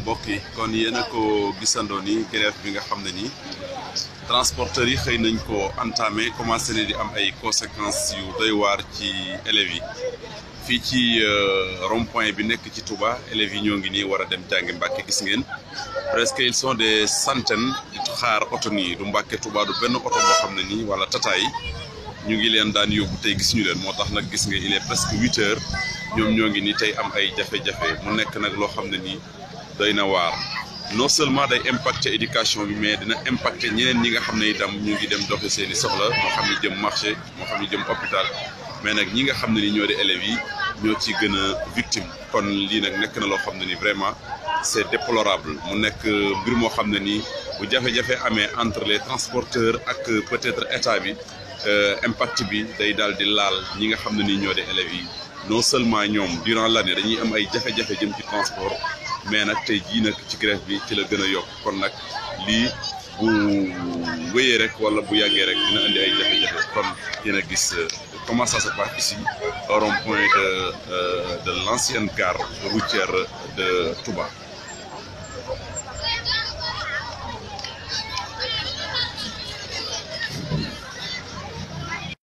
mbokki kon yena ko gissando ni grève bi nga xam ni transporteur yi xey nañ ko entamé commencé di am ay conséquences yu doy war ci élèves yi fi ci euh, rond point bi nek ci Touba élèves yi ñongi ni wara dem mbacké gis ngeen presque ils sont des centaines di xaar auto ni du mbacké Touba du ben auto bo ni wala tata yi ñu ngi leen daan yobbu tay gis ñu leen motax nak gis nga il est presque 8h ñom ñongi ni tay am ay jafe-jafe mu nek nak lo xam ni day war non seulement day impacter éducation bi mais dina impacter ñeneen ñi nga xamné itam ñu ngi dem doxi seeni soxla mo xam ne jëm marché mo xam ne jëm hôpital mais nak ñi nga xamné ne ñoo di élèves yi ñoo ci gëna victime kon li nak nek na lo xamné ni vraiment c'est déplorable mu nek mbir mo xamné ni bu jafé jafé amé entre les transporteurs ak peut-être état bi euh impact bi day dal di laal ñi nga xamné ni nii ñoo di élèves yi non seulement ñom durant l'année dañuy am ay jafé jafé jëm ci transport mais nag tey jii nag ci grève bi ci la gën a yokk kon nag lii bu wéyee rek wala bu yàggee rek dina indi ay jafe-jafe kon yéen a gis euh, comment ça se passe point euh, de l'ancienne gare routière de Touba.